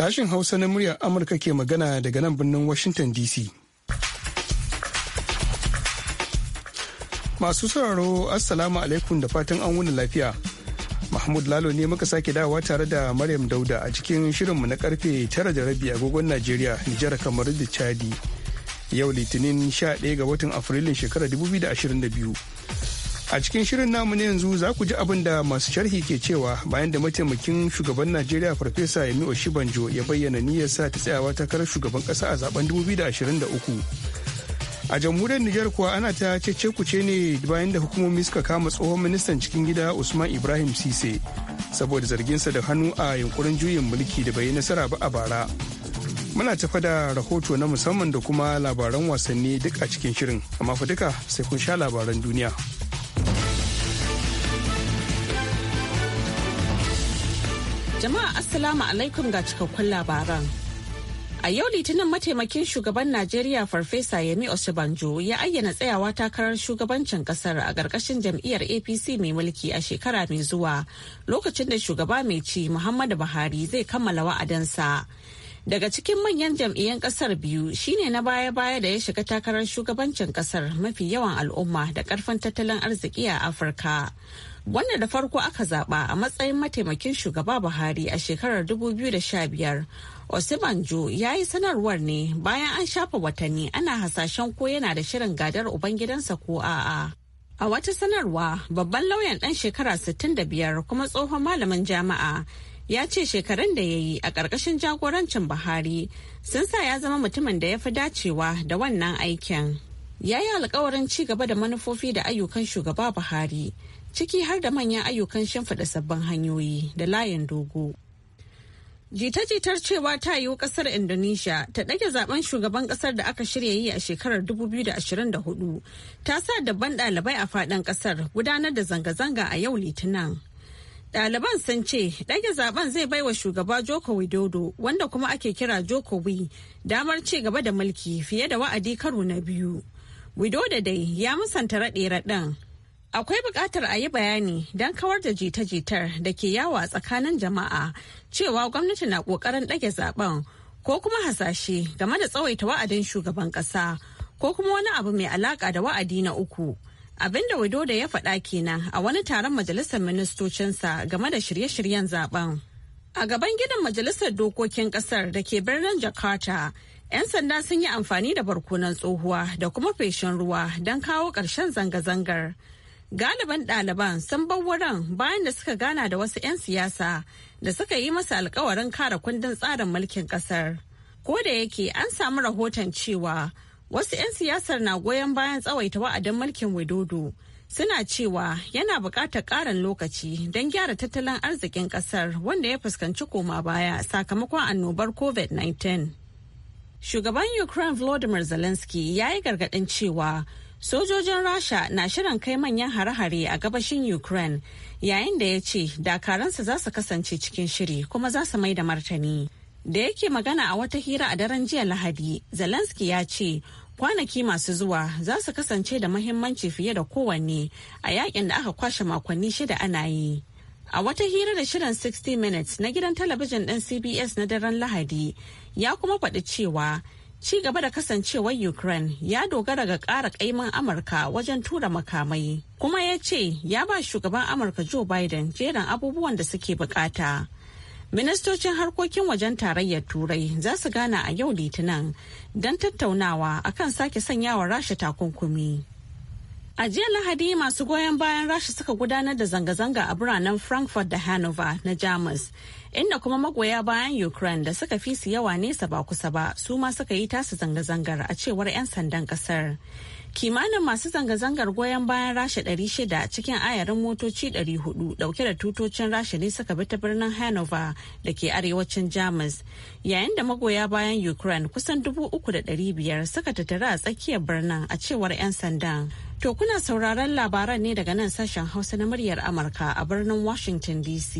Sashen Hausa na muryar Amurka ke magana daga nan birnin Washington DC. Masu sauraro Assalamu alaikum da fatan an wuni lafiya. Mahmud Lalo ne muka sake dawowa tare da Maryam Dauda a cikin shirinmu na karfe tara da rabi agogon Najeriya, Nijar kamar da Chadi. Yau Litinin 11 ga watan Afrilun shekarar 2022. A cikin shirin namu na yanzu za ku ji abin da masu sharhi ke cewa bayan da mataimakin shugaban Najeriya Farfesa Yemi Oshibanjo ya bayyana niyyar sa ta tsayawa takarar shugaban ƙasa a zaben 2023. A jamhuriyar Nijar kuwa ana ta cece kuce ne bayan da hukumomi suka kama tsohon ministan cikin gida Usman Ibrahim Sise saboda zarginsa da hannu a yunkurin juyin mulki da bai yi nasara ba a bara. Muna tafa da rahoto na musamman da kuma labaran wasanni duk a cikin shirin, amma fa duka sai kun sha labaran duniya. Jama'a Assalamu alaikum ga cikakkun labaran. A yau Litinin mataimakin shugaban Najeriya Farfesa Yemi Osibanjo ya ayyana tsayawa takarar shugabancin kasar a ƙarƙashin jam'iyyar APC mai mulki a shekara mai zuwa lokacin da shugaba mai ci Muhammadu Buhari zai kammala wa'adansa. Daga cikin manyan jam'iyyan kasar biyu shine na baya-baya da ya shiga takarar shugabancin kasar mafi yawan al'umma da ƙarfin tattalin arziki a Afirka. wanda da farko aka zaba a matsayin mataimakin shugaba Buhari a shekarar 2015. Osibanjo ya yi sanarwar ne bayan an shafa watanni ana hasashen ko yana da shirin gadar Ubangidansa ko a'a. A wata sanarwa babban lauyan dan shekara 65 kuma tsohon malamin jama'a ya ce shekarun da ya yi a ƙarƙashin jagorancin Buhari sun sa ya zama mutumin da ya fi dacewa da wannan aikin. Ya yi alkawarin ci gaba da manufofi da ayyukan shugaba Buhari ciki har da manyan ayyukan shimfiɗa sabbin hanyoyi da layin dogo. Jita-jitar cewa ta yiwu ƙasar Indonesia ta ɗage zaben shugaban ƙasar da aka shirya yi a shekarar 2024 ta sa dabban ɗalibai a faɗin ƙasar gudanar da zanga-zanga a yau litinin. Ɗaliban sun ce ɗage zaben zai baiwa shugaba Joko Widodo wanda kuma ake kira Joko Wi damar ci gaba da mulki fiye da wa'adi karo na biyu. Widodo dai ya musanta raɗe-raɗen Akwai buƙatar a yi bayani don kawar da jita-jitar da ke yawo a tsakanin jama'a cewa gwamnati na ƙoƙarin ɗage zaben ko kuma hasashe game da tsawaita wa'adin shugaban ƙasa ko kuma wani abu mai alaƙa da wa'adi na uku. Abin da da ya faɗa kenan a wani taron majalisar ministocinsa game da shirye-shiryen zaben. A gaban gidan majalisar dokokin ƙasar da ke birnin Jakarta, 'yan sanda sun yi amfani da barkonan tsohuwa da kuma feshin ruwa don kawo ƙarshen zanga-zangar. Galiban ɗaliban sun bar wurin bayan da suka gana da wasu 'yan siyasa da suka yi masa alkawarin kare kundin tsarin mulkin ƙasar. Ko da yake an samu rahoton cewa wasu 'yan siyasar na goyon bayan tsawaita wa'adin mulkin Widodo suna cewa yana buƙatar ƙarin lokaci don gyara tattalin arzikin ƙasar wanda ya fuskanci koma baya sakamakon annobar COVID-19. Shugaban Ukraine Volodymyr Zelensky ya yi gargaɗin cewa Sojojin Rasha na shirin kai manyan hare-hare a gabashin Ukraine yayin da ya ce dakaransa za su kasance cikin shiri kuma za su mai da martani. Da yake magana a wata hira a daren jiya Lahadi, Zelensky ya ce kwanaki masu zuwa za su kasance da mahimmanci fiye da kowanne a yakin da aka kwashe makonni shida ana yi. A wata hira da shirin 60 Minutes na gidan talabijin ɗin CBS na daren Lahadi ya kuma faɗi cewa Ci gaba da kasancewar Ukraine ya dogara ga ƙara kaiman Amurka wajen tura makamai, kuma ya ce ya ba shugaban Amurka Joe Biden jerin abubuwan da suke bukata. Ministocin harkokin wajen tarayyar Turai za su gana a yau Litinin don tattaunawa akan sake sanya wa rasha takunkumi. A jiya Lahadi masu goyon bayan Rasha suka gudanar da zanga-zanga a biranen Frankfurt da Hanover na Jamus inda kuma magoya bayan Ukraine da suka fi su yawa nesa ba kusa ba su ma suka yi tasu zanga-zangar a cewar 'yan sandan kasar. Kimanin masu zanga-zangar goyon bayan Rasha 600 cikin ayarin motoci 400 dauke da tutocin Rasha ne suka bi ta birnin Hanover da ke arewacin Jamus, yayin da magoya bayan Ukraine kusan 3,500 suka tattara a tsakiyar birnin a cewar 'yan sandan. To kuna sauraron labaran ne daga nan sashen Hausa na muryar Amurka a birnin Washington DC.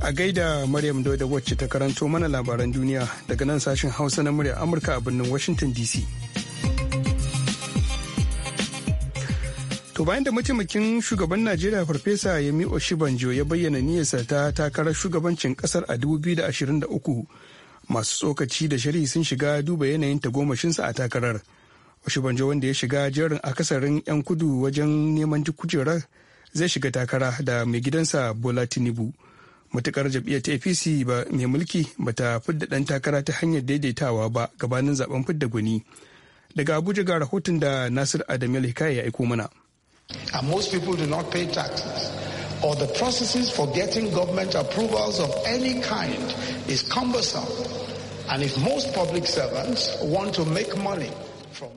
A gaida Maryam Dauda wacce ta karanto mana labaran duniya daga nan sashen Hausa na murya Amurka a birnin Washington DC. To bayan da mataimakin shugaban Najeriya Farfesa Yemi Oshibanjo ya bayyana niyyarsa ta takarar shugabancin kasar a 2023 masu tsokaci da shari'i sun shiga duba yanayin tagomashinsa a takarar. Oshibanjo wanda ya shiga jerin akasarin 'yan kudu wajen neman kujerar zai shiga takara da mai gidansa Bola Tinubu. Matukar jam'iyyar ta APC ba mai mulki bata fidda ɗan takara ta hanyar daidaitawa ba gabanin zaben fidda gwani. Daga Abuja ga rahoton da Nasir Adam Hikaya ya aiko mana. And most people do not pay taxes. Or the processes for getting government approvals of any kind is cumbersome. And if most public servants want to make money,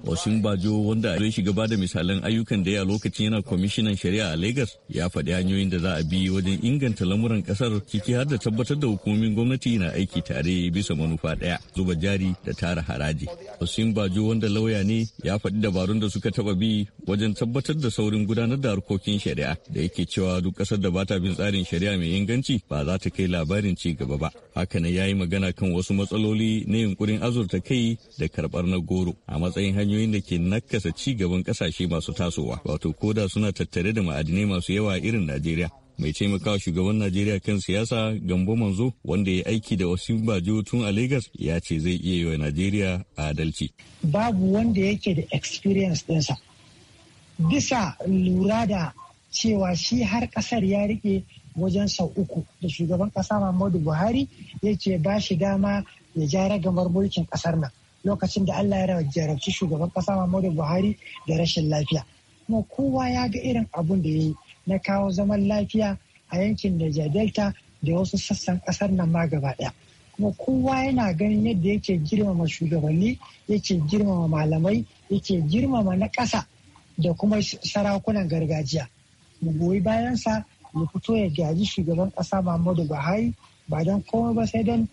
Osin Bajo wanda zai shiga ba da misalan ayyukan da ya lokacin yana kwamishinan shari'a a lagos ya faɗi hanyoyin da za a bi wajen inganta lamuran kasar ciki har da tabbatar da hukumomin gwamnati na aiki tare bisa manufa ɗaya zuba jari da tara haraji. Osin Bajo wanda lauya ne ya faɗi dabarun da suka taɓa bi wajen tabbatar da saurin gudanar da harkokin shari'a da yake cewa duk ƙasar da bata bin tsarin shari'a mai inganci ba za ta kai labarin ci gaba ba. Hakanan ya yi magana kan wasu matsaloli na yunkurin azurta kai da karɓar na goro a matsayin yin hanyoyin da ke nakasa ci gaban kasashe masu tasowa wato koda suna tattare da ma'adinai masu yawa irin najeriya mai taimakawa shugaban najeriya kan siyasa gambo manzo wanda ya aiki da wasu bajo tun a lagos ya ce zai iya yi wa najeriya adalci babu wanda yake da experience ɗinsa bisa lura da cewa shi har ƙasar ya rike wajen sau uku da shugaban ƙasa muhammadu buhari yake ba shi dama ya ja ragamar mulkin ƙasar nan lokacin da Allah ya jarabci shugaban ƙasa Muhammadu Buhari da rashin lafiya. Kuma kowa ya ga irin abun da ya yi na kawo zaman lafiya a yankin da Delta da wasu sassan ƙasar nan ma gaba ɗaya. Kuma kowa yana ganin yadda yake girmama shugabanni, yake girmama malamai, yake girmama na ƙasa da kuma sarakunan gargajiya. Mu goyi bayansa ya fito ya gaji shugaban ƙasa Muhammadu Buhari ba don komai ba sai don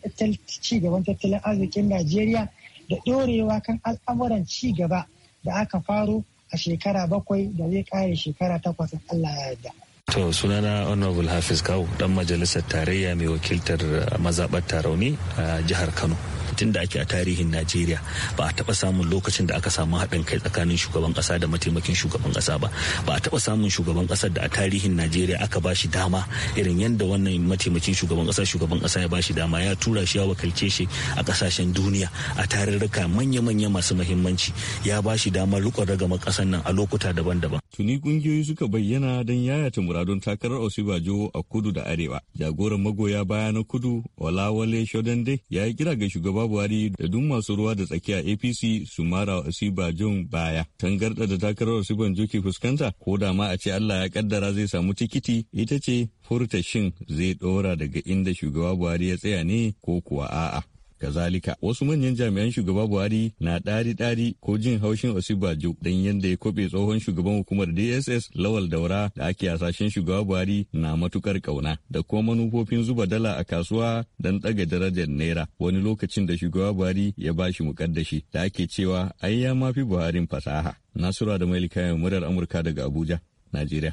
ci gaban tattalin arzikin Najeriya da ɗorewa kan al'amuran ci gaba da aka faro a shekara bakwai da zai kare shekara takwas Allah ya yarda. To sunana Honorable Hafiz Kawu dan majalisar tarayya mai wakiltar mazaɓar Tarauni a jihar Kano. tun da ake a tarihin najeriya ba a taɓa samun lokacin da aka samu haɗin kai tsakanin shugaban ƙasa da mataimakin shugaban ƙasa ba ba a taɓa samun shugaban ƙasar da a tarihin najeriya aka ba shi dama irin yadda wannan mataimakin shugaban ƙasa shugaban ƙasa ya ba shi dama ya tura shi ya wakilce shi a ƙasashen duniya a tarurruka manya-manya masu mahimmanci ya ba shi dama riƙon ragamar ƙasar nan a lokuta daban-daban. tuni ƙungiyoyi suka bayyana don yayata muradun takarar osibajo a kudu da arewa jagoran magoya baya na kudu olawale shodande ya yi kira ga shugaba buhari da duk masu ruwa da tsakiya apc su mara wa asiba john baya Tangarda da takarar asiban joki fuskanta ko da ma a ce allah ya kaddara zai samu tikiti ita ce furta shin zai ɗora daga inda shugaba buhari ya tsaya ne ko kuwa a'a Kazalika wasu manyan jami'an shugaba Buhari na ɗari-ɗari ko jin haushin Osibajo don yadda ya kobe tsohon shugaban hukumar DSS Lawal Daura da ake hasashen shugaba Buhari na matukar kauna da kuma manufofin zuba dala a kasuwa don ɗaga darajar naira wani lokacin da shugaba Buhari ya ba shi mukaddashi da ake cewa ai ya mafi Buharin fasaha. Nasura da Mailika murar Amurka daga Abuja, Najeriya.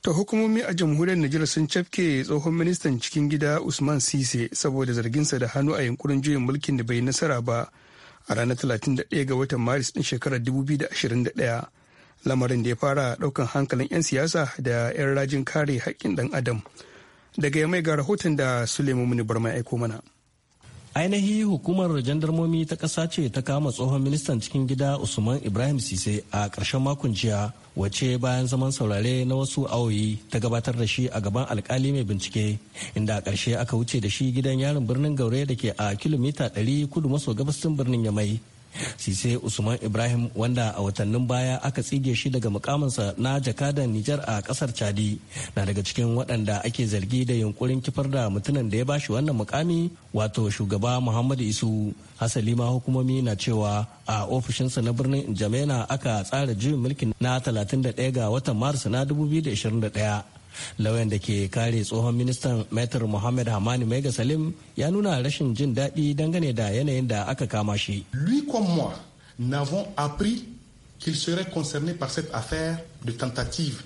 ta hukumomi a jamhuriyar Nijar sun cafke tsohon ministan cikin gida Usman Sise saboda zarginsa da hannu a yunkurin juyin mulkin da bai nasara ba a ranar 31 ga watan Maris din shekarar 2021 lamarin da ya fara daukan hankalin 'yan siyasa da 'yan rajin kare haƙƙin ɗan adam daga ya mai ga rahoton da Suleiman Muni Barma aiko mana. ainihi hukumar jandarmomi ta ƙasa ce ta kama tsohon ministan cikin gida usman ibrahim sise a ƙarshen makon jiya wace bayan zaman saurare na wasu awoyi ta gabatar da shi a gaban alkali mai bincike inda a ƙarshe aka wuce da shi gidan yarin birnin gaure da ke a kilomita 100 kudu maso gabasin birnin yamai sise usman ibrahim wanda a watannin baya aka tsige shi daga mukaminsa na jakadan nijar a kasar chadi na daga cikin waɗanda ake zargi da yunkurin kifar da mutumin da ya bashi wannan mukami wato shugaba muhammadu isu hasali ma hukumomi na cewa a ofishinsa na birnin jamena aka tsara juyin mulkin na 31 ga watan maris na 2021 lauyan da ke kare tsohon ministan metar Mohammed hamani Mega salim ya nuna rashin jin daɗi dangane da yanayin da aka kama shi lui comme moi n'avons appris qu'il concerné par cette affaire de tentative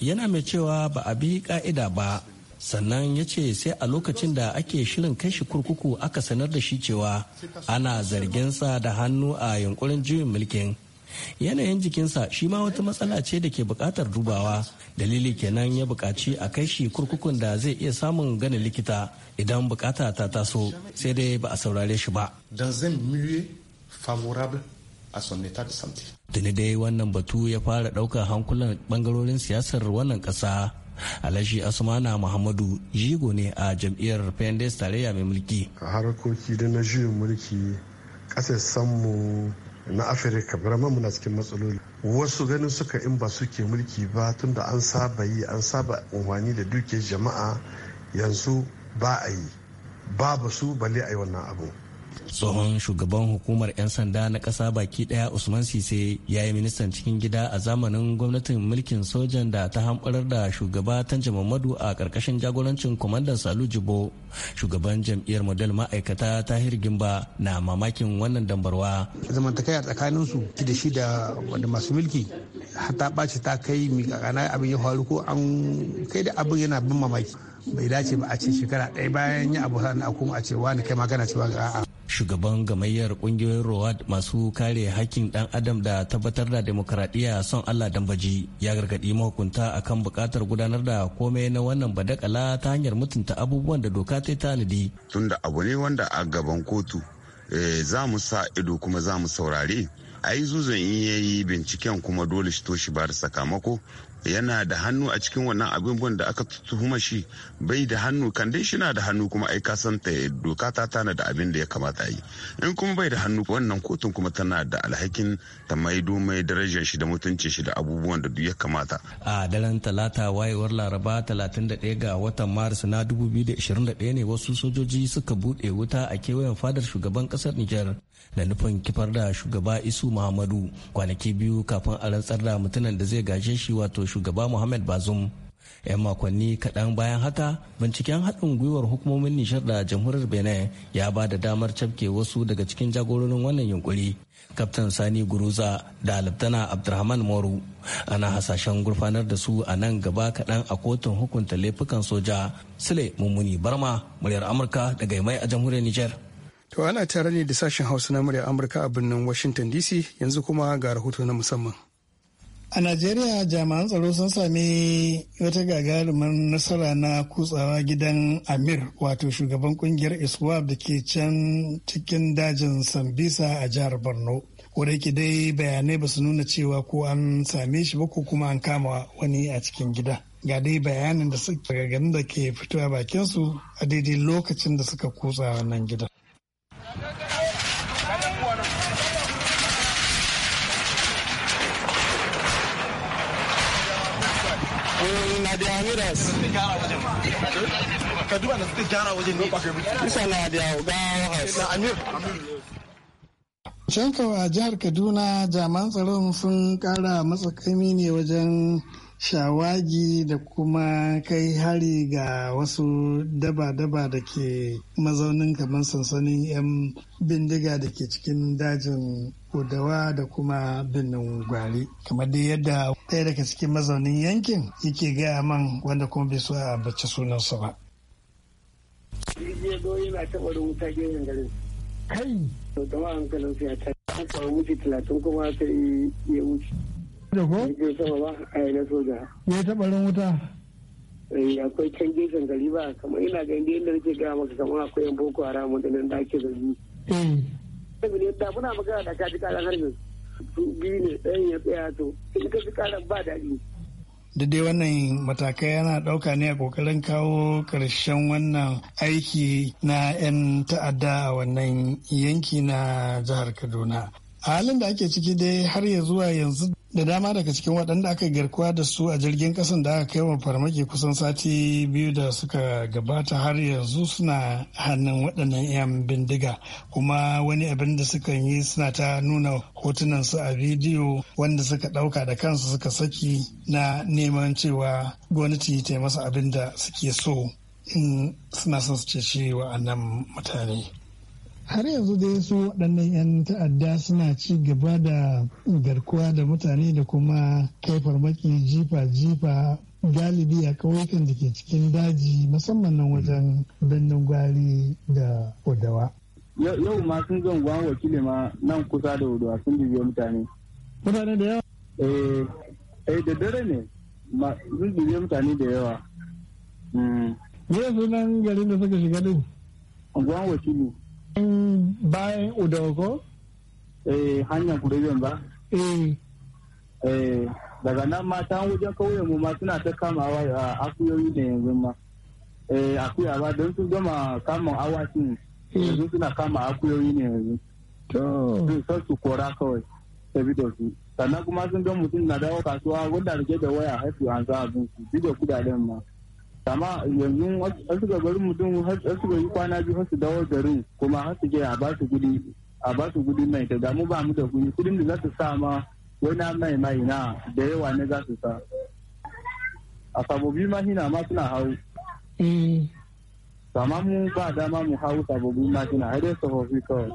yana mai cewa ba a bi ka'ida ba sannan ya ce sai a lokacin da ake shirin kai shi kurkuku aka sanar da shi cewa ana zarginsa da hannu a yunkurin juyin mulkin yanayin jikinsa shi ma wata matsala ce da ke bukatar dubawa dalili kenan ya bukaci a kai shi kurkukun da zai iya samun gane likita idan bukata ta taso sai dai ba a saurare shi ba a Tuni dai wannan batu ya fara ɗaukar hankulan bangarorin siyasar wannan ƙasa. Alhaji Asmana Muhammadu jigo ne a jam'iyyar pendes tarayya mai mulki. Harkoki da na juyin mulki ƙasar mu na afirka mu muna cikin matsaloli wasu ganin suka in ba suke mulki ba tunda an saba yi an saba umarni da duke jama'a yanzu ba a yi babu su bale a yi wannan abu tsohon shugaban hukumar 'yan sanda na kasa baki ɗaya usman sise ya yi ministan cikin gida a zamanin gwamnatin mulkin sojan da ta hamɓarar da shugaba tanja mamadu a ƙarƙashin jagorancin kwamandan salu jibo shugaban jam'iyyar model ma'aikata tahir gimba na mamakin wannan dambarwa zamantakaya tsakanin su da shi da wanda masu mulki ta ɓaci ta kai mi abin ya faru ko an kai da abin yana bin mamaki bai dace ba a ce shekara ɗaya bayan yi abu sa'an a kuma a ce wani kai magana kana ga a'a shugaban gamayyar kungiyoyin rowad masu kare hakkin dan adam da tabbatar da demokradiyya son allah dambaji ya gargadi mahukunta akan bukatar gudanar da komai na wannan badakala ta hanyar mutunta abubuwan da doka ta tanadi tunda abu ne wanda a gaban kotu eh, za mu sa ido kuma za mu saurare ai zuzan in yayi binciken kuma dole shi to shi ba da sakamako yana da hannu a cikin wannan abubuwan da aka tuhuma shi bai da hannu kan dai shi na da hannu kuma ai ka san ta doka ta tana da abin da ya kamata yi in kuma bai da hannu wannan kotun kuma tana da alhakin ta maido mai darajar shi da mutunci shi da abubuwan da duk ya kamata a daren talata wayewar laraba 31 ga watan maris na 2021 ne wasu sojoji suka bude wuta a kewayen fadar shugaban kasar Nijar da nufin kifar da shugaba Isu Muhammadu kwanaki biyu kafin a rantsar da mutumin da zai gaje shi wato shugaba Muhammad Bazum. 'yan makonni kaɗan bayan haka binciken haɗin gwiwar hukumomin nijar da jamhuriyar benin ya ba da damar cafke wasu daga cikin jagororin wannan yunkuri kaftan sani guruza da laftana abdulrahman moru ana hasashen gurfanar da su a nan gaba kaɗan a kotun hukunta laifukan soja sule mummuni barma muryar amurka daga mai a jamhuriyar nijar to ana tare ne da sashen hausa na muryar amurka a birnin washington dc yanzu kuma ga rahoto na musamman A Najeriya jami'an tsaro sun sami wata gagarumar nasara na kutsawa gidan Amir wato shugaban kungiyar iswab da ke can cikin dajin Sambisa a jihar Borno. Wadda yake dai bayanai ba su nuna cewa ko an same shi ba ko kuma an kama wani a cikin gida. Ga dai bayanin da suka gagarin da ke fitowa bakinsu a daidai lokacin da suka kutsa wannan gidan. Nadia Amiras. na suka gyara wajen ne. Shankawa a jihar Kaduna jaman tsaron sun kara matsakami ne wajen shawagi da kuma kai hari ga wasu daba-daba da ke mazaunin kamar sansanin 'yan bindiga da ke cikin dajin kodawa da kuma birnin gwari kamar dai yadda ɗaya daga cikin mazaunin yankin yake gaya man wanda kuma bai so a bacci sunansa ba. kai to jama'a hankalin su ya ta an samu talatin kuma sai ya wuce Da ko? Bai sama ba a yi na soja. Ya taɓa ran wuta? Eh, akwai can gefen gari ba kamar ina ga inda yadda nake gaya maka kamar akwai yan boko haram da nan da ake zargi. ne eh. yadda muna magana da kaji kala karan harbin biyu ne ɗayan ya tsaya to in ka ji karan ba daɗi. da dai wannan matakai yana ɗauka ne a ƙoƙarin kawo ƙarshen wannan aiki na 'yan ta'adda a wannan yanki na jihar kaduna a halin da ake ciki dai har ya zuwa yanzu da dama daga cikin waɗanda aka garkuwa da su a jirgin ƙasan da aka kai wa farmaki kusan sati biyu da suka gabata har yanzu suna hannun waɗannan 'yan bindiga kuma wani abin da suka yi suna ta nuna hotunansu a bidiyo wanda suka ɗauka da kansu suka saki na neman cewa gwamnati ta yi masa abin da suke so in suna son su ce shi wa'annan mutane har yanzu dai su waɗannan 'yan ta'adda suna ci gaba da garkuwa da mutane da kuma kai farmaki jifa-jifa galibi a ƙauyukan da ke cikin daji musamman nan wajen birnin gwari da odawa. yau ma sun zan gwan wakili ma nan kusa da odawa sun jibiyo mutane. mutane da yawa? eh, eh da dare ne sun jibiyo mutane da yawa. Hmm. me sunan garin da suka shiga din? gwan wakili. bayan Udogo. eh hanyar kuregen ba eh eh daga nan mata wajen kauyen mu ma suna ta kamawa a ah, akuyoyi da yanzu ma eh akuya ba don sun gama awakin yanzu suna kama akuyoyi ne yanzu to sun su kora kawai su sannan kuma sun ga mutum na dawo kasuwa wanda rike da waya haifu an za su bi da kudaden ma amma yanzu har suka bari mutum har suka yi kwana biyu har su dawo garin kuma har su je a ba su gudi a ba su gudi mai ga mu ba mu da kudi kudin da za su sa ma wani mai mai na da yawa ne za su a sabobi ma hina ma suna hau eh. amma mu ba dama mu hau sabobi ma na har dai sabobi kawai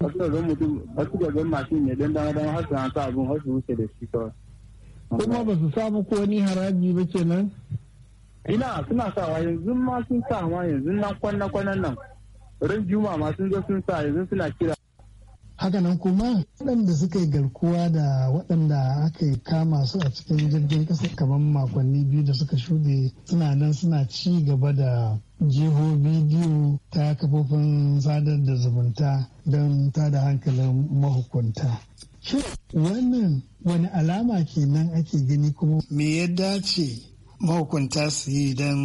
har suka ga mutum har suka mashin ne dan dama dama har su abin har su wuce da shi kawai kuma ba su wani haraji ba ina suna sawa yanzu ma sun sa ma yanzu na kwana kwanan nan ran juma ma sun zo sun sa yanzu suna kira hakanan kuma waɗanda suka yi garkuwa da waɗanda aka yi kama su a cikin jirgin ƙasa kamar makonni biyu da suka shuɗe suna nan suna ci gaba da jihobi bidiyo ta kafofin sadar da zumunta don ta da hankalin mahukunta shin wannan wani alama kenan ake gani kuma me ya dace mahukunta su yi don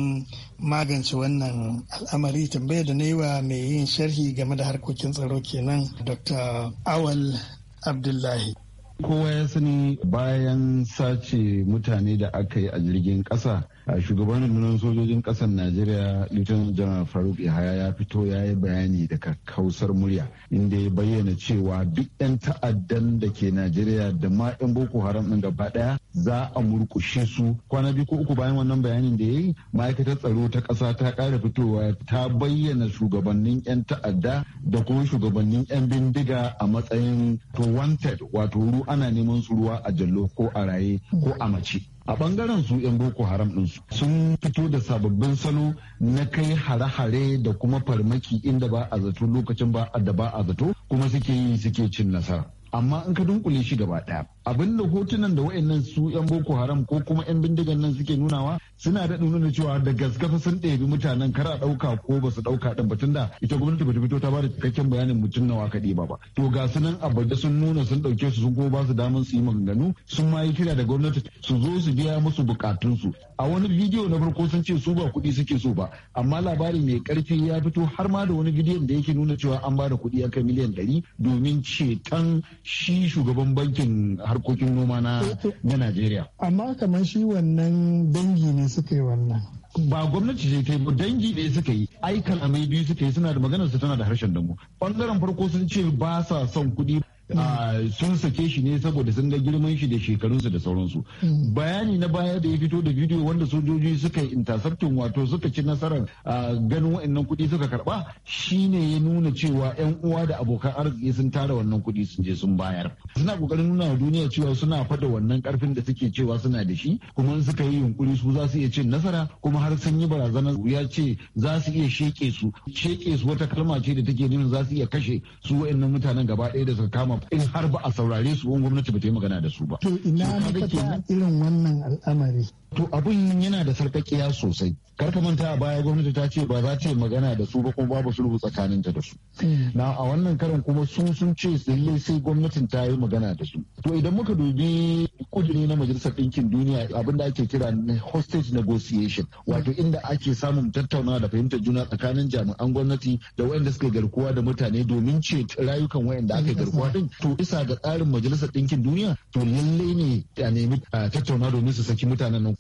magance wannan al'amari tambayar da na yi wa mai yin sharhi game da harkokin tsaro kenan dr awal abdullahi kowa ya sani bayan sace mutane da aka yi a jirgin kasa a shugaban rundunar sojojin ƙasar najeriya lieutenant general faruk yahaya ya fito ya yi bayani daga kausar murya inda ya bayyana cewa duk 'yan ta'addan da ke najeriya da ma 'yan boko haram ɗin gaba ɗaya za a murkushe su kwana biyu ko uku bayan wannan bayanin da ya yi ma'aikatar tsaro ta ƙasa ta ƙara fitowa ta bayyana shugabannin 'yan ta'adda da kuma shugabannin 'yan bindiga a matsayin to wanted wato ru'a ana neman su ruwa a jallo ko a raye ko a mace a bangaren su 'yan boko haram din su sun fito da sababbin salo na kai hare-hare da kuma farmaki inda ba a zato lokacin ba da ba a zato kuma suke yi suke cin nasara amma in ka dunkule shi gaba ɗaya abin da hotunan da wa'annan su 'yan boko haram ko kuma 'yan bindigan nan suke nunawa suna da nuna cewa da gaskafa sun ɗebi mutanen kara ɗauka ko ba su ɗauka ɗin batun da ita gwamnati ba ta fito ta ba da cikakken bayanin mutum nawa ka ɗiba ba to ga su nan abada sun nuna sun ɗauke su sun kuma ba su damar su yi maganganu sun ma yi kira da gwamnati su zo su biya musu bukatunsu a wani bidiyo na farko sun ce su ba kuɗi suke so ba amma labari mai ƙarfi ya fito har ma da wani bidiyon da yake nuna cewa an ba da kuɗi akan miliyan ɗari domin ceton shi shugaban bankin harkokin noma eh, na Najeriya. Amma kamar shi wannan dangi ne suka yi wannan. ba gwamnati ce ta yi dangi ne suka yi aikan amai biyu suka yi suna da maganar su tana da harshen damu ɓangaren farko sun ce ba sa son kuɗi Ah, sun sake shi ne saboda sun ga girman shi da shekarunsa da sauransu hmm. bayani na baya da ya fito da bidiyo wanda sojoji suka intercepting wato suka ci nasarar ah, ganin wa'annan kuɗi suka karba shine ya nuna cewa yan uwa da abokan arziki sun tara wannan kuɗi sun je sun bayar suna kokarin nuna wa duniya cewa suna fada wannan karfin da suke cewa suna da shi kuma suka yi yunkuri su za su iya cin nasara kuma har sun yi barazanar ya ce za su iya sheke su sheke su wata kalma ce da take nuna za su iya kashe su wa'annan mutanen gaba ɗaya da suka kama in har ba a saurare su gwamnati ba ta yi magana da su ba. To ina mafita irin wannan al'amari To abin yana da sarkakiya sosai. Kar ka manta a baya gwamnati ta ce ba za ta yi magana da su ba kuma babu sulhu tsakaninta da su. Hmm. Na a wannan karin kuma su sun ce lallai sai gwamnatin ta yi magana da su. To idan muka dubi kudiri na Majalisar Ɗinkin Duniya abin da ake kira hostage negotiation wato inda ake samun tattaunawa da fahimtar juna tsakanin jami'an gwamnati da waɗanda suke garkuwa da mutane domin ce rayukan waɗanda aka garkuwa din. To bisa ga tsarin Majalisar Ɗinkin Duniya to lallai ne a nemi tattauna domin su saki mutanen nan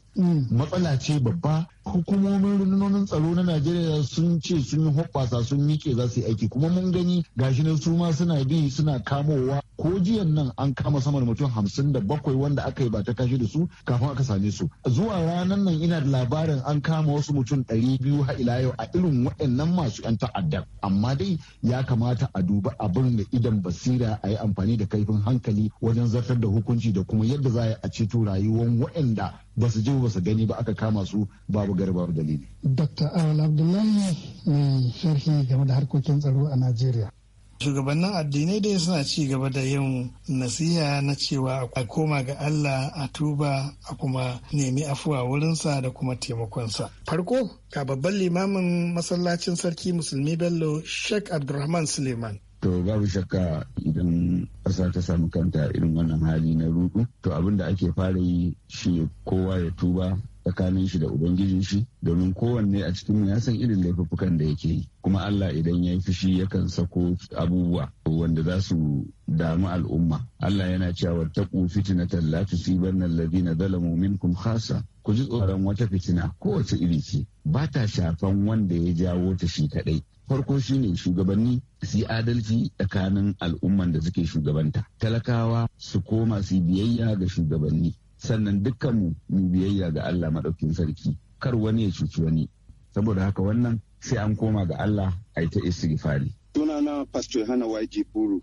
matsala ce babba hukumomin rundunonin tsaro na najeriya sun ce sun yi hoɓɓasa sun miƙe za su yi aiki kuma mun gani gashi na su ma suna bi suna kamowa ko jiyan nan an kama sama da mutum hamsin da bakwai wanda aka yi ba ta kashe da su kafin aka same su zuwa ranar nan ina da labarin an kama wasu mutum ɗari biyu har ila yau a irin waɗannan masu yan ta'adda amma dai ya kamata a duba abin da idan basira a yi amfani da kaifin hankali wajen zartar da hukunci da kuma yadda za a ceto rayuwar waɗanda ba su ji ba su gani ba aka kama su babu garba dalili. Dr. Awal Abdullahi mai sharhi game da harkokin tsaro a Najeriya. Shugabannin addinai dai suna ci gaba da yin nasiha na cewa a koma ga Allah a tuba a kuma nemi afuwa wurinsa da kuma taimakonsa. Farko, ga babban limamin masallacin sarki musulmi Bello Sheikh Abdulrahman Suleiman. to babu shakka idan ƙasa ta samu kanta irin wannan hali na rudu to abin da ake fara yi shi kowa ya tuba tsakanin shi da ubangijin shi domin kowanne a cikin ya san irin laifukan da yake yi kuma Allah idan ya yi fushi yakan sako abubuwa wanda za su damu al'umma Allah yana cewa ta taqu fitnatan la tusibanna ladina zalamu minkum khasa. ku ji tsoron wata fitina kowace iri ce ba ta shafan wanda ya jawo ta shi kadai farko shine shugabanni su yi adalci tsakanin al'umman da suke shugabanta talakawa su koma su biyayya ga shugabanni sannan dukkanmu mu biyayya ga Allah maɗaukin sarki kar wani ya cuci wani saboda haka wannan sai an koma ga Allah a yi ta istighfari sunana pastor hana Waji Buru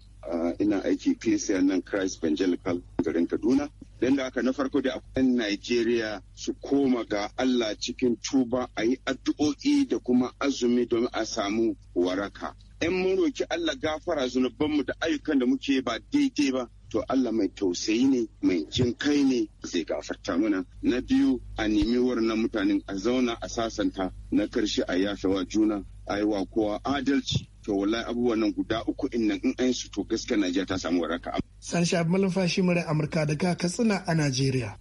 ina aiki PCN nan Christ Evangelical garin Kaduna. Dan da haka na farko da a Najeriya su koma ga Allah cikin tuba a yi addu'o'i da kuma azumi domin a samu waraka. ‘Yan mun roki Allah gafara zunubanmu da ayyukan da muke ba daidai ba, to Allah mai tausayi ne mai jin kai ne zai gafarta mana na biyu a nemi na mutanen a zauna a sasanta na karshe a yafewa juna a yi wa kowa adalci to wallahi abubuwan nan guda uku in nan in an su to gaskiya Najeriya ta samu waraka. Sanshi Malumfashi murar Amurka daga Katsina a Najeriya.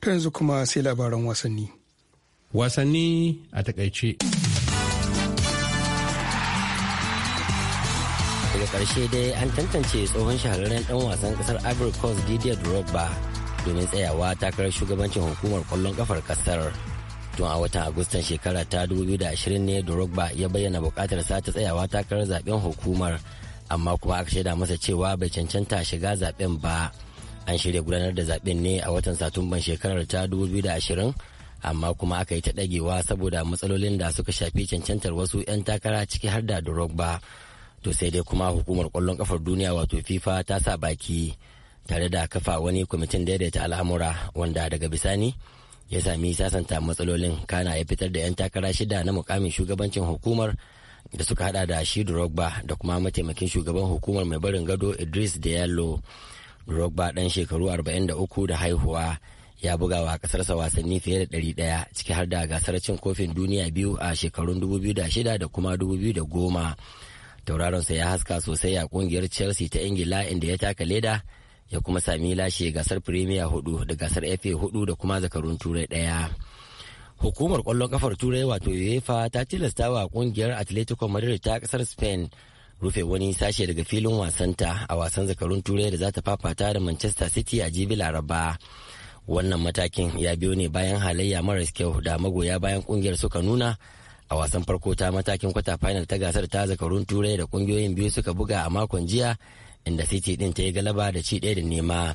Ta yanzu kuma sai labaran wasanni. Wasanni a takaice. daga ƙarshe dai an tantance tsohon shahararren ɗan wasan ƙasar ivory coast didier drogba domin tsayawa takarar shugabancin hukumar ƙwallon ƙafar ƙasar. tun a watan agustan shekara ta 2020 ne rogba ya bayyana bukatar sata tsayawa takarar zaben hukumar amma kuma aka shaida masa cewa bai cancanta shiga zaben ba an shirya gudanar da zaben ne a watan satumban shekarar ta 2020 amma kuma aka yi ta dagewa saboda matsalolin da suka shafi cancantar wasu 'yan takara ciki har da rogba to sai dai kuma hukumar kwallon kafar duniya wato fifa ta sa baki tare da kafa wani kwamitin daidaita al'amura wanda daga bisani ya sami sasanta matsalolin kana ya fitar da 'yan takara shida na mukamin shugabancin hukumar da suka hada da shi drogba da kuma mataimakin shugaban hukumar mai barin gado idris diallo drogba dan shekaru 43 da haihuwa ya buga wa kasarsa wasanni fiye da 100 ciki har da gasar cin kofin duniya biyu a shekarun 2006 da kuma 2010 tauraronsa ya haska sosai a kungiyar chelsea ta ingila inda ya taka leda ya kuma sami lashe gasar premier hudu da gasar fa hudu da kuma zakarun turai daya hukumar kwallon kafar turai wato uefa ta tilasta wa kungiyar atletico madrid ta kasar spain rufe wani sashe daga filin wasanta a wasan zakarun turai da za ta fafata da manchester city a jibi laraba wannan matakin ya biyo ne bayan halayya mara kyau da magoya bayan kungiyar suka nuna a wasan farko ta matakin kwata final ta gasar ta zakarun turai da kungiyoyin biyu suka buga a makon jiya inda city din ta yi galaba da ci ɗaya da nema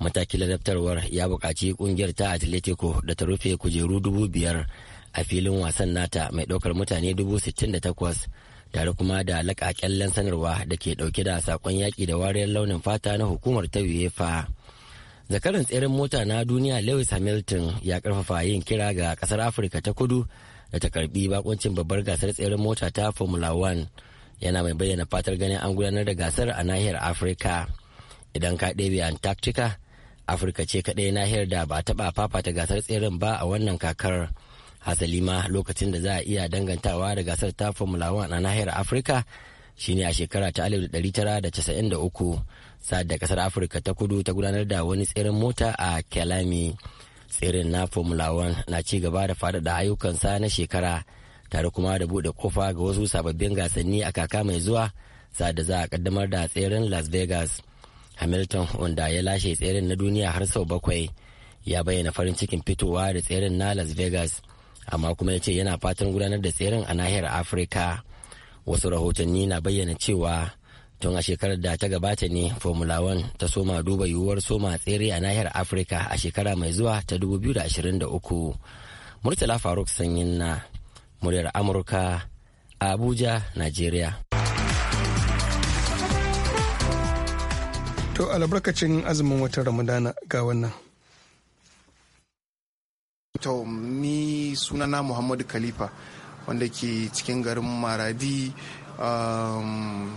matakin ladabtarwar ya buƙaci ƙungiyar ta atletico da ta rufe kujeru dubu biyar a filin wasan nata mai ɗaukar mutane dubu sittin da takwas tare kuma da laƙaƙen sanarwa da ke ɗauke da sakon yaƙi da wariyar launin fata na hukumar ta uefa Zakarin tseren mota na duniya lewis hamilton ya karfafa yin kira ga ƙasar afirka ta kudu da ta karbi bakuncin babbar gasar tseren mota ta formula 1 yana mai bayyana fatar ganin an gudanar da gasar a nahiyar afirka idan ka ɗebe antarctica afirka ce kaɗai nahiyar da ba taɓa fafata gasar tseren ba a wannan kakar hasali ma lokacin da za a iya dangantawa da gasar ta formula 1 a nahiyar afirka shine a shekara ta 1993 sa da kasar afirka ta kudu ta gudanar da wani tseren mota a kelami tseren na formula 1 na ci gaba da faɗaɗa sa na shekara tare kuma da buɗe kofa ga wasu sababbin gasanni a kaka mai zuwa da za a kaddamar da tseren las vegas hamilton wanda ya lashe tseren na duniya har sau bakwai ya bayyana farin cikin fitowa da tseren na las vegas amma kuma ya ce yana fatan gudanar da tseren a nahiyar afirka wasu rahotanni na bayyana cewa tun a shekarar da ta gabata ne formula 1 ta soma duba yiwuwar soma tsere a nahiyar afirka a shekara mai zuwa ta 2023 murtala faruk sanyin na muryar amurka a abuja najeriya to albarkacin azumin watan ramadana ga wannan to ni sunana muhammadu khalifa wanda ke cikin garin maradi um,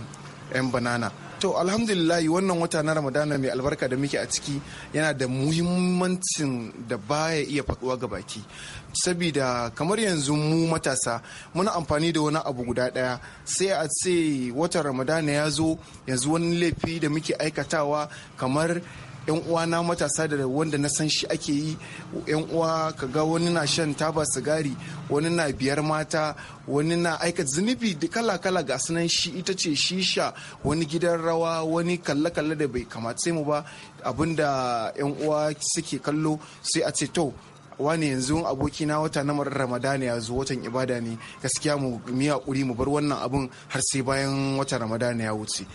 yan banana To alhamdulillahi wannan wata na Ramadana mai albarka da muke a ciki yana da muhimmancin da baya iya faduwa ga baki. Sabida kamar yanzu mu matasa muna amfani da wani abu guda daya sai a ce watan Ramadana ya zo yanzu wani laifi da muke aikatawa kamar yan uwa na matasa da wanda na san shi ake yi yan uwa ka ga wani na shan taba sigari wani na biyar mata wani na aika zunubi da kala kala ga sunan shi ita ce shisha wani gidan rawa wani kalle kalle da bai kamata mu ba da yan uwa suke kallo sai a ce to wani yanzu aboki na wata na ramadana ya zo watan ibada ne gaskiya mu miya kuri mu bar wannan abin har sai bayan watan ramadana ya wuce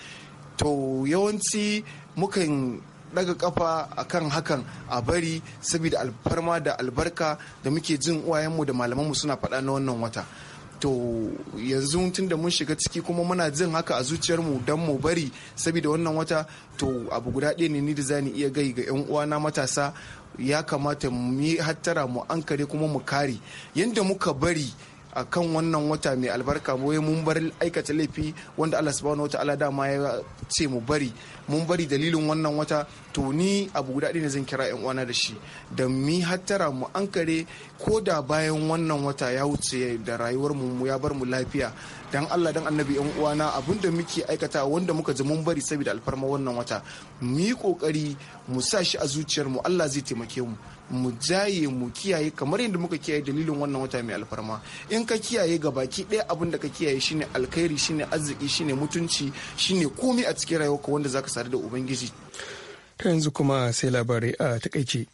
to yawanci mukan daga kafa akan hakan a bari saboda alfarma da albarka da muke jin uwayenmu da malamanmu suna faɗa na wannan wata to yanzu tun da mun shiga ciki kuma muna jin haka a zuciyarmu don mu bari saboda wannan wata to abu guda ɗaya ne ni da zani iya gai ga 'yan uwana matasa ya kamata mu yi hattara mu ankare kuma mu kare yadda muka bari a kan wannan wata mai albarka mu mun bar aikata laifi wanda Allah subhanahu wataala dama ya ce mu bari mun bari dalilin wannan wata to ni abu guda ne zan kira yan uwana da shi da mi hattara mu an kare ko da bayan wannan wata ya wuce da rayuwar mu ya bar mu lafiya dan Allah dan annabi yan uwana da muke aikata wanda muka ji mun bari saboda alfarma wannan wata mu yi kokari mu sa shi a zuciyar mu Allah zai taimake mu mu jaye mu kiyaye kamar yadda muka kiyaye dalilin wannan wata mai alfarma in ka kiyaye ga baki ɗaya abin da ka kiyaye shine alkhairi shine arziki shine mutunci shine komai a cikin rayuwarka wanda zaka sadu da ubangiji ta yanzu kuma sai labarai a takaice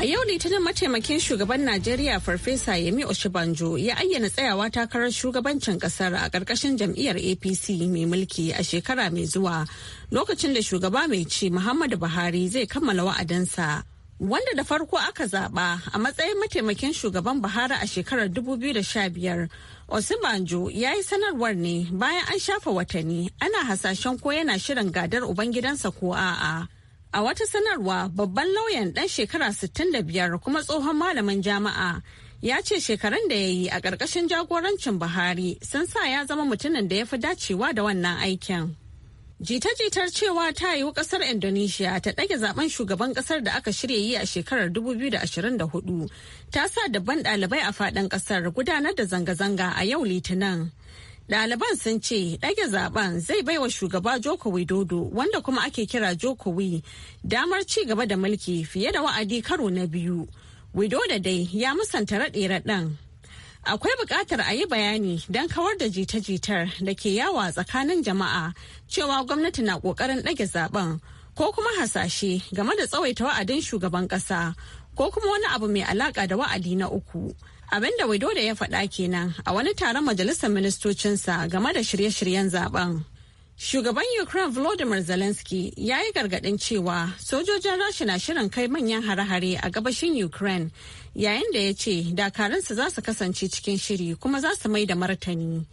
A yau Litinin mataimakin shugaban Najeriya Farfesa Yemi Oshibanjo ya ayyana tsayawa takarar shugabancin kasar a ƙarƙashin jam'iyyar APC mai mulki a shekara mai zuwa lokacin da shugaba mai ci Muhammadu Buhari zai kammala wa'adansa. Wanda da farko aka zaba a matsayin mataimakin shugaban Buhari a shekarar 2015, Osibanjo ya yi sanarwar ne bayan an shafa watanni ana hasashen ko yana shirin gadar Ubangidansa ko a'a. A wata sanarwa babban lauyan ɗan shekara 65 kuma tsohon malamin jama'a ya ce shekarun da ya yi a ƙarƙashin jagorancin Buhari sun sa ya zama mutumin da ya fi dacewa da wannan aikin. Jita-jitar cewa ta yiwu ƙasar Indonesia ta ɗage zaben shugaban ƙasar da aka shirya yi a shekarar 2024 ta sa dabban ɗalibai a faɗin ƙasar gudanar da zanga-zanga a yau Litinin. Ɗaliban sun ce ɗage zaben zai baiwa shugaba Joko Widodo wanda kuma ake kira Joko Wi damar ci gaba da mulki fiye da wa'adi karo na biyu. Widodo dai ya musanta raɗe raɗen. Akwai buƙatar a yi bayani don kawar da jita-jitar da ke yawa tsakanin jama'a cewa gwamnati na ƙoƙarin ɗage zaben ko kuma hasashe game da tsawaita wa'adin shugaban ƙasa ko kuma wani abu mai alaƙa da wa'adi na uku. Abin da da ya faɗa kenan a wani taron majalisar ministocinsa game da shirye-shiryen zaben. Shugaban Ukraine Volodymyr Zelensky ya yi gargaɗin cewa sojojin Rasha na shirin kai manyan hare-hare a gabashin Ukraine yayin da ya ce dakarunsa za su kasance cikin shiri kuma za su mai da martani.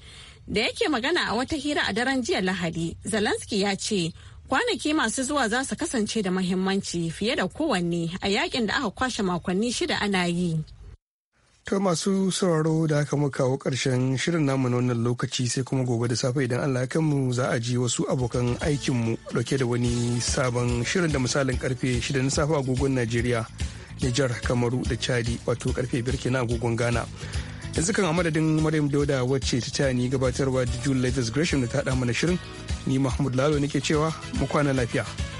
Da yake magana a wata hira a daren jiya Lahadi, Zelensky ya ce kwanaki masu zuwa za su kasance da mahimmanci fiye da kowanne a yakin da aka kwashe makonni shida ana yi. To masu sauraro da aka muka kawo ƙarshen shirin namu na wannan lokaci sai kuma gobe da safe idan Allah ya mu za a ji wasu abokan aikinmu dauke da wani sabon shirin da misalin karfe shida na safe agogon Najeriya, Nijar, Kamaru da Chadi wato karfe 5 na agogon Ghana. Yanzu kan a madadin Maryam Dauda wacce ta tani gabatarwa da Jule Gresham da ta mana shirin, ni Mahmud Lalo nake cewa mu kwana lafiya.